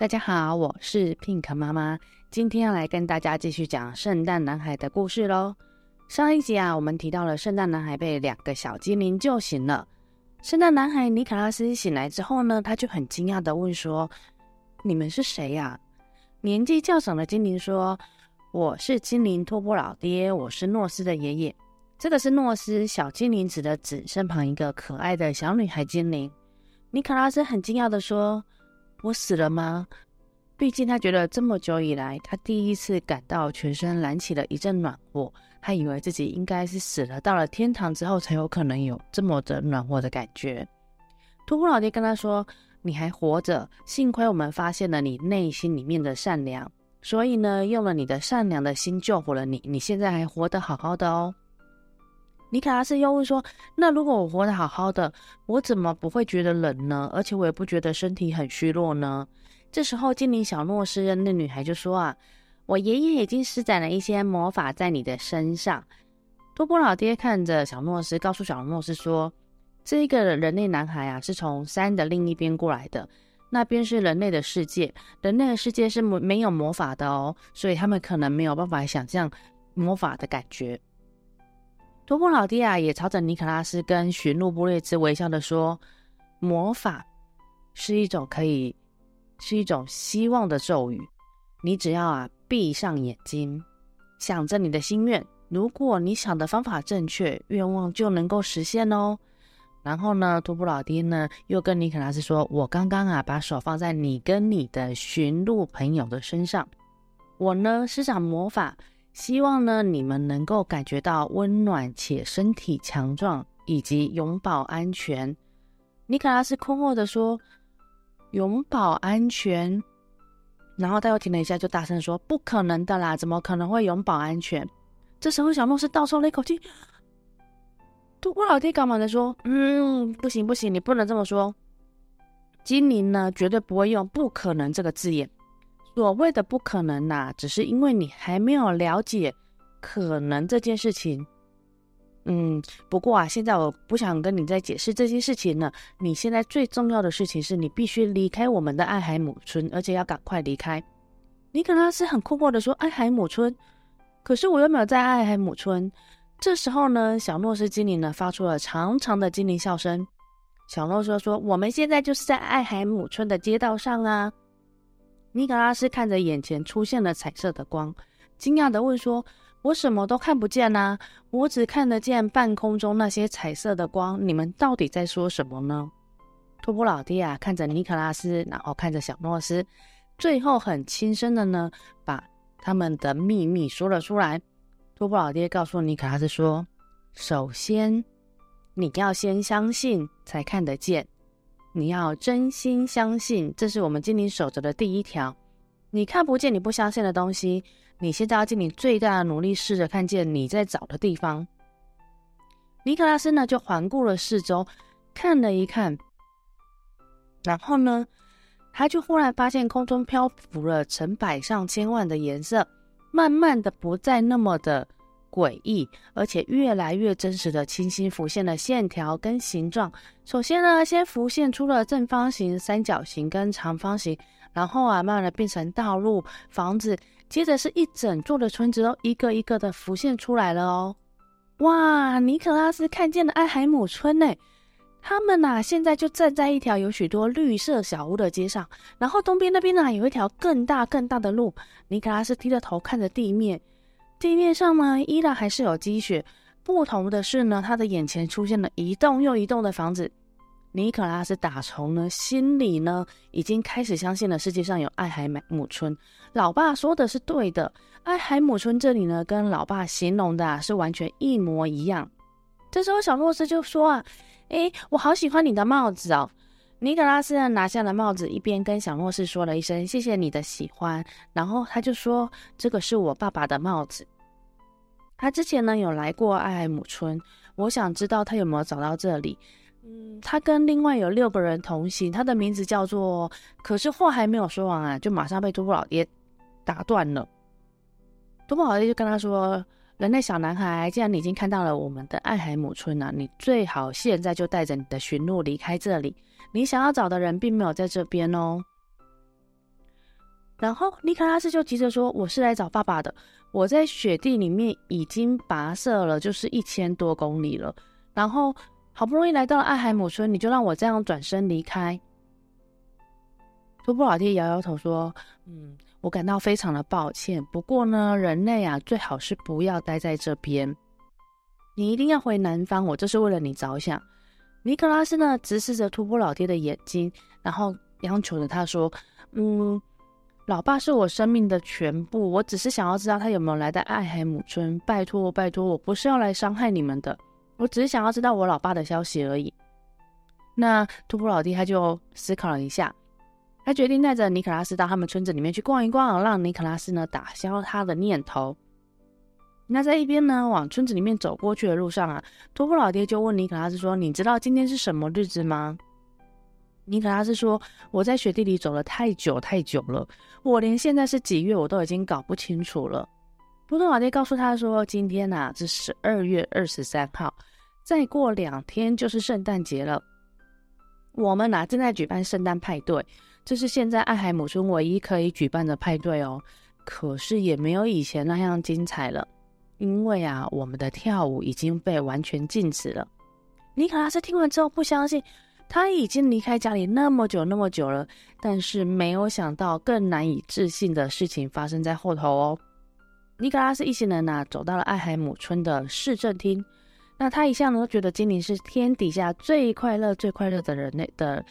大家好，我是 Pink 媽媽，今天要來跟大家繼續講聖誕男孩的故事嘍。上一集啊，我們提到了聖誕男孩被兩個小精靈救醒了。聖誕男孩尼可拉斯醒來之後呢，他就很驚訝的問說：“你們是誰呀、啊？”年紀較長的精靈說：“我是精靈托波老爹，我是諾斯的爺爺。”這個是諾斯，小精靈指的指身旁一個可愛的小女孩精靈。尼可拉斯很驚訝的說。我死了嗎？畢竟他覺得這麼久以來，他第一次感到全身燃起了一陣暖和。他以為自己應該是死了，到了天堂之後才有可能有這麼的暖和的感覺。禿瓢老爹跟他說：“你還活着，幸虧我們發現了你內心裡面的善良，所以呢，用了你的善良的心救活了你。你現在還活得好好的哦。”尼可拉斯又問說：“那如果我活得好好的，我怎麼不會覺得冷呢？而且我也不覺得身體很虛弱呢？”這時候，精靈小諾斯的那女孩就說：“啊，我爺爺已經施展了一些魔法在你的身上。”多波老爹看着小諾斯，告訴小諾斯說：“這一個人類男孩啊，是從山的另一邊過來的，那邊是人類的世界，人類的世界是沒沒有魔法的哦，所以他們可能沒有辦法想象魔法的感覺。”托布老爹啊，也朝着尼可拉斯跟馴鹿布瑞茲微笑的說：“魔法是一種可以，是一種希望的咒語。你只要啊閉上眼睛，想着你的心願。如果你想的方法正確，願望就能夠實現哦。”然後呢，托布老爹呢又跟尼可拉斯說：“我剛剛啊把手放在你跟你的馴鹿朋友的身上，我呢施展魔法。”希望呢，你們能夠感覺到溫暖且身體強壯，以及永保安全。尼可拉斯困惑的說：“永保安全。”然後他又停了一下，就大聲說：“不可能的啦，怎麼可能會永保安全？” 這時候，小夢是倒抽了一口氣。獨孤老爹趕忙的說：“嗯，不行不行，你不能這麼說。精靈呢，絕對不會用‘不可能’這個字眼。”所謂的不可能吶、啊，只是因為你還沒有了解可能這件事情。嗯，不過啊，現在我不想跟你再解釋這件事情了。你現在最重要的事情是你必須離開我們的艾海姆村，而且要趕快離開。尼可拉斯很困惑地說，艾海姆村，可是我又沒有在艾海姆村？這時候呢，小諾斯精靈呢發出了長長的精靈笑聲。小諾斯說，說：“說我們現在就是在艾海姆村的街道上啊。”尼可拉斯看着眼前出現了彩色的光，驚訝地問說：“說我什麼都看不見吶、啊，我只看得見半空中那些彩色的光。你們到底在說什麼呢？”托布老爹啊，看着尼可拉斯，然後看着小諾斯，最後很輕聲的呢，把他們的秘密說了出來。托布老爹告訴尼可拉斯說：“首先，你要先相信，才看得見。”你要真心相信，這是我們精靈守則的第一條。你看不見你不相信的東西，你現在要盡你最大的努力試着看見你在找的地方。尼可拉斯呢，就環顧了四周，看了一看，然後呢，他就忽然發現空中漂浮了成百上千萬的顏色，慢慢的不再那麼的。詭異，而且越來越真實的清晰浮現的線條跟形狀。首先呢，先浮現出了正方形、三角形跟長方形，然後啊，慢慢的變成道路、房子，接着是一整座的村子都一個一個的浮現出來了哦。哇，尼可拉斯看見了艾海姆村呢，他們吶、啊，現在就站在一條有許多綠色小屋的街上，然後東邊那邊呢，有一條更大更大的路。尼可拉斯低着頭看着地面。地面上呢，依然還是有積雪。不同的是呢，他的眼前出現了一棟又一棟的房子。尼可拉斯打從呢，心裡呢，已經開始相信了世界上有艾海姆村。老爸說的是對的，艾海姆村這裡呢，跟老爸形容的啊是完全一模一樣。這時候小洛斯就說啊，誒，我好喜歡你的帽子哦。尼可拉斯拿下了帽子，一邊跟小諾士說了一聲“謝謝你的喜歡”，然後他就說：“這個是我爸爸的帽子。他之前呢，有來過艾海姆村，我想知道他有沒有找到這裡。他跟另外有六個人同行，他的名字叫做……可是話還沒有說完啊，就馬上被多布老爹打斷了。多布老爹就跟他說。”人類小男孩，既然你已經看到了我們的艾海姆村了啊，你最好現在就帶着你的馴鹿離開這裡。你想要找的人並沒有在這邊哦。然後尼可拉斯就急着說：“我是來找爸爸的，我在雪地裡面已經跋涉了，就是一千多公里了。然後好不容易來到了艾海姆村，你就讓我這樣轉身離開？”托普老爹搖搖頭說：“嗯，我感到非常的抱歉。不過呢，人類啊，最好是不要待在這邊。你一定要回南方，我這是為了你着想。”尼可拉斯呢，直視着托普老爹的眼睛，然後央求着他說：“嗯，老爸是我生命的全部，我只是想要知道他有沒有來到艾海姆村。拜托，拜托，我不是要來傷害你們的，我只是想要知道我老爸的消息而已。那”那托普老爹他就思考了一下。他決定帶着尼可拉斯到他們村子裡面去逛一逛，讓尼可拉斯呢，打消他的念頭。那在一邊呢，往村子裡面走過去的路上啊，托布老爹就問尼可拉斯說：“你知道今天是什麼日子嗎？”尼可拉斯說：“我在雪地裡走了太久太久了，我連現在是幾月我都已經搞不清楚了。”托布老爹告訴他說：“今天吶是十二月二十三號，再過兩天就是聖誕節了，我們吶正在舉辦聖誕派對。”這是現在艾海姆村唯一可以舉辦的派對哦，可是也沒有以前那樣精彩了，因為啊，我們的跳舞已經被完全禁止了。尼可拉斯聽完之後不相信，他已經離開家裡那麼久那麼久了，但是沒有想到更難以置信的事情發生在後頭哦。尼可拉斯一行人呢、啊，走到了艾海姆村的市政廳，那他一向呢覺得精靈是天底下最快樂最快樂的人類的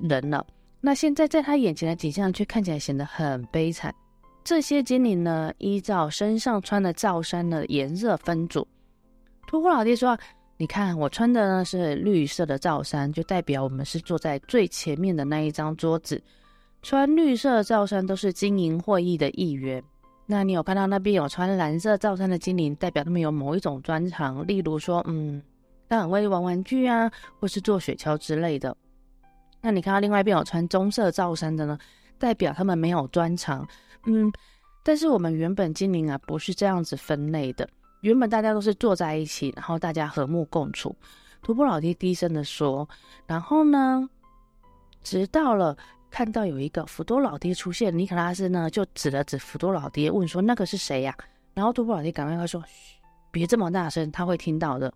人了。那現在在他眼前的景象卻看起來顯得很悲慘。這些精靈呢，依照身上穿的罩衫的顏色分組。托庫老弟說：“你看，我穿的呢是綠色的罩衫，就代表我們是坐在最前面的那一張桌子。穿綠色的罩衫都是經營會議的一員。那你有看到那邊有穿藍色罩衫的精靈，代表他們有某一種專長，例如說，嗯，他很會玩玩具啊，或是坐雪橇之類的。”那你看到另外一邊有穿棕色罩衫的呢，代表他們沒有專長。嗯，但是我們原本精靈啊不是這樣子分類的，原本大家都是坐在一起，然後大家和睦共處。圖布老爹低聲的說，然後呢，直到了看到有一個福多老爹出現。尼可拉斯呢就指了指福多老爹，問說，那個是誰呀？啊？然後圖布老爹趕快說，噓，別這麼大聲，他會聽到的。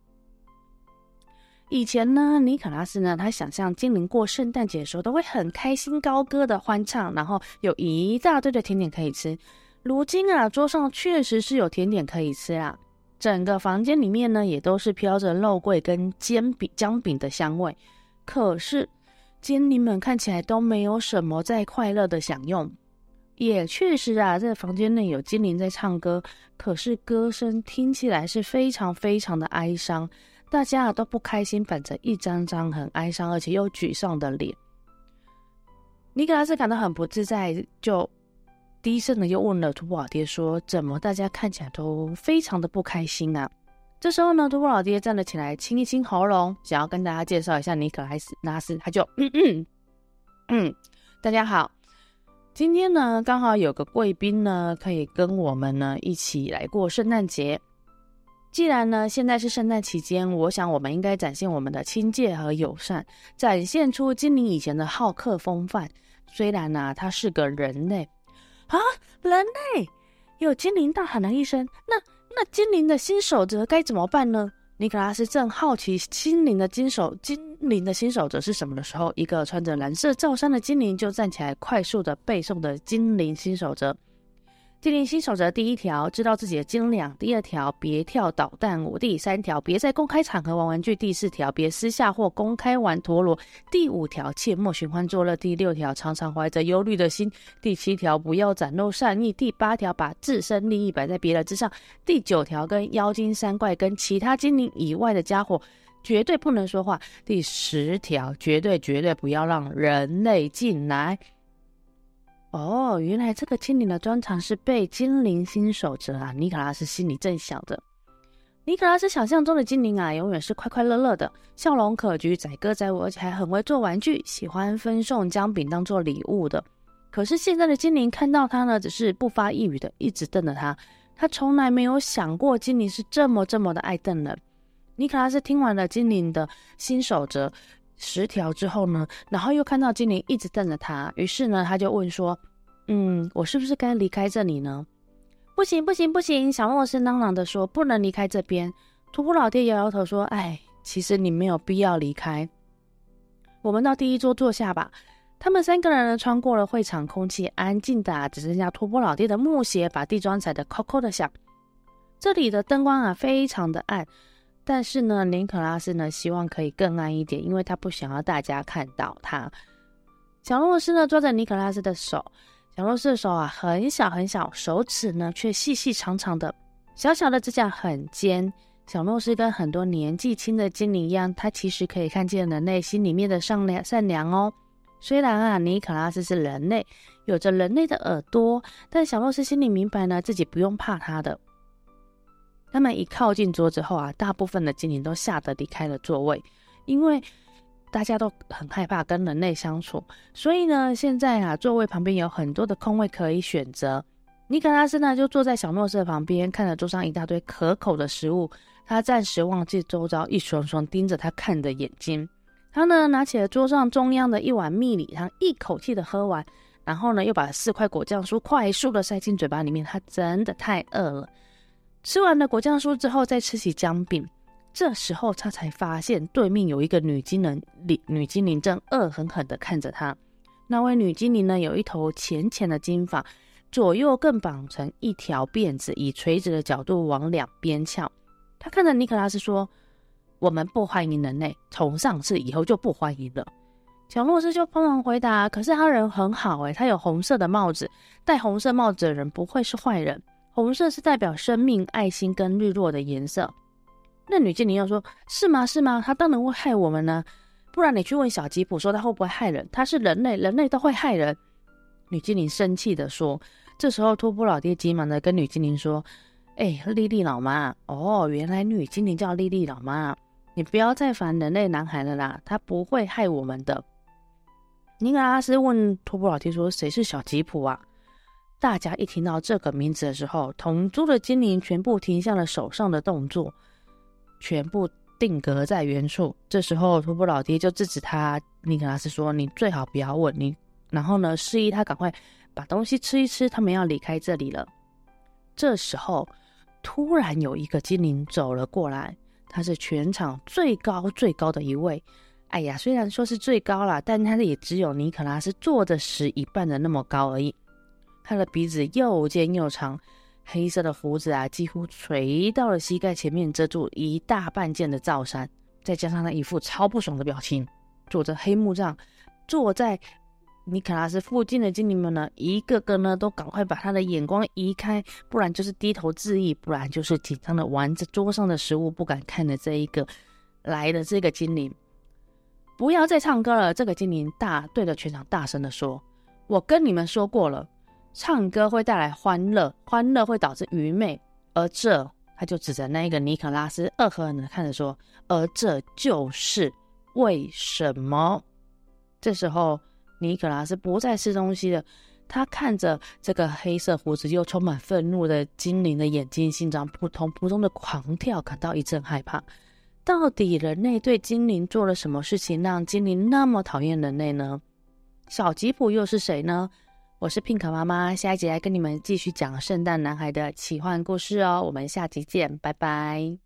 以前呢，尼可拉斯呢，他想象精靈過聖誕節的時候都會很開心，高歌的歡唱，然後有一大堆的甜點可以吃。如今啊，桌上確實是有甜點可以吃啊，整個房間裡面呢也都是飄着肉桂跟煎餅、薑餅的香味。可是，精靈們看起來都沒有什麼在快樂的享用。也確實啊，在房間內有精靈在唱歌，可是歌聲聽起來是非常非常的哀傷。大家都不開心，反正一張張很哀傷而且又沮喪的臉。尼可拉斯感到很不自在，就低聲的又問了托布老爹說：“怎麼大家看起來都非常的不開心啊？”這時候呢，托布老爹站了起來，清一清喉嚨，想要跟大家介紹一下尼可拉斯·拉斯，他就嗯嗯嗯，嗯，大家好，今天呢剛好有個貴賓呢，可以跟我們呢一起來過聖誕節。既然呢，現在是聖誕期間，我想我們應該展現我們的親切和友善，展現出精靈以前的好客風範。雖然呢、啊，他是個人類，啊，人類！有精靈大喊了一聲。那那精靈的新守則該怎麼辦呢？尼可拉斯正好奇精靈的新守精靈的新守則是什麼的時候，一個穿着藍色罩衫的精靈就站起來，快速的背誦的精靈新守則。精靈新守則第一條，知道自己的斤兩；第二條，別跳搗蛋舞；第三條，別在公開場合玩玩具；第四條，別私下或公開玩陀螺；第五條，切莫尋歡作樂；第六條，常常懷着憂慮的心；第七條，不要展露善意；第八條，把自身利益擺在別人之上；第九條，跟妖精、山怪、跟其他精靈以外的家伙絕對不能說話；第十條，絕對絕對不要讓人類進來。哦，原來這個精靈的專長是背精靈新手則啊！尼可拉斯心裡正想着，尼可拉斯想象中的精靈啊，永遠是快快樂樂的，笑容可掬，載歌載舞，而且還很會做玩具，喜歡分送薑餅當做禮物的。可是現在的精靈看到他呢，只是不發一語的，一直瞪着他。他從來沒有想過精靈是這麼這麼的愛瞪人。尼可拉斯聽完了精靈的新手則。十條之後呢，然後又看到精靈一直瞪着他，於是呢，他就問說：“嗯，我是不是該離開這裡呢？”“不行，不行，不行！”小莫是嚷嚷的說，“不能離開這邊。”托波老爹搖，搖搖頭說：“哎，其實你沒有必要離開，我們到第一桌坐下吧。”他們三個人呢，穿過了會場，空氣安靜的、啊，只剩下托波老爹的木鞋把地磚踩得“扣扣”的響。這裡的燈光啊，非常的暗。但是呢，尼可拉斯呢希望可以更暗一點，因為他不想要大家看到他。小洛斯呢抓着尼可拉斯的手，小洛斯的手啊很小很小，手指呢卻細細長長的，小小的指甲很尖。小洛斯跟很多年紀輕的精靈一樣，他其實可以看見人類心裡面的善良，善良哦。雖然啊尼可拉斯是人類，有着人類的耳朵，但小洛斯心裡明白呢，自己不用怕他的。他們一靠近桌子後啊，大部分的精靈都嚇得離開了座位，因為大家都很害怕跟人類相處。所以呢，現在啊，座位旁邊有很多的空位可以選擇。尼可拉斯呢就坐在小諾色旁邊，看着桌上一大堆可口的食物，他暫時忘記周遭一雙雙盯着他看的眼睛。他呢，拿起了桌上中央的一碗蜜梨湯，他一口氣的喝完，然後呢，又把四塊果醬酥快速的塞進嘴巴裡面。他真的太餓了。吃完了果醬酥之後，再吃起薑餅。這時候他才發現對面有一個女精靈，里女精靈正惡狠狠地看着他。那位女精靈呢，有一頭淺淺的金髮，左右各綁成一條辮子，以垂直的角度往兩邊翹。他看着尼可拉斯說：“我們不歡迎人類，從上次以後就不歡迎了。”小洛斯就慌忙回答：“可是他人很好哎、欸，他有紅色的帽子，戴紅色帽子的人不會是壞人。”紅色是代表生命、愛心跟日落的顏色。那女精靈又說：“是嗎？是嗎？她當然會害我們呢，不然你去問小吉普，說她會不會害人？她是人類，人類都會害人。”女精靈生氣的說。這時候，托布老爹急忙的跟女精靈說：“哎、欸，莉莉老媽，哦，原來女精靈叫莉莉老媽，你不要再煩人類男孩了啦，她不會害我們的。”尼可拉，拉斯問托布老爹說：“誰是小吉普啊？”大家一聽到這個名字的時候，同桌的精靈全部停下了手上的動作，全部定格在原處。這時候，托布老爹就制止他，尼可拉斯說：“你最好不要問你。”然後呢，示意他趕快把東西吃一吃，他們要離開這裡了。這時候，突然有一個精靈走了過來，他是全場最高最高的一位。哎呀，雖然說是最高啦，但他也只有尼可拉斯坐着時一半的那麼高而已。他的鼻子又尖又長，黑色的鬍子啊，幾乎垂到了膝蓋前面，遮住一大半件的罩衫。再加上他一副超不爽的表情，拄着黑木杖，坐在尼可拉斯附近的精靈們呢，一個個呢都趕快把他的眼光移開，不然就是低頭致意，不然就是緊張的玩着桌上的食物，不敢看着這一個來的這個精靈。不要再唱歌了！這個精靈大對着全場大聲地說：“我跟你們說過了。”唱歌會帶來歡樂，歡樂會導致愚昧，而這他就指着那一個尼可拉斯，惡狠狠地看着說：“而這就是為什麼。”這時候，尼可拉斯不再吃東西了，他看着這個黑色鬍子又充滿憤怒的精靈的眼睛，心臟撲通撲通的狂跳，感到一陣害怕。到底人類對精靈做了什麼事情，讓精靈那麼討厭人類呢？小吉普又是誰呢？我是 Pink 媽媽，下一集來跟你們繼續講聖誕男孩的奇幻故事哦。我們下集見，拜拜。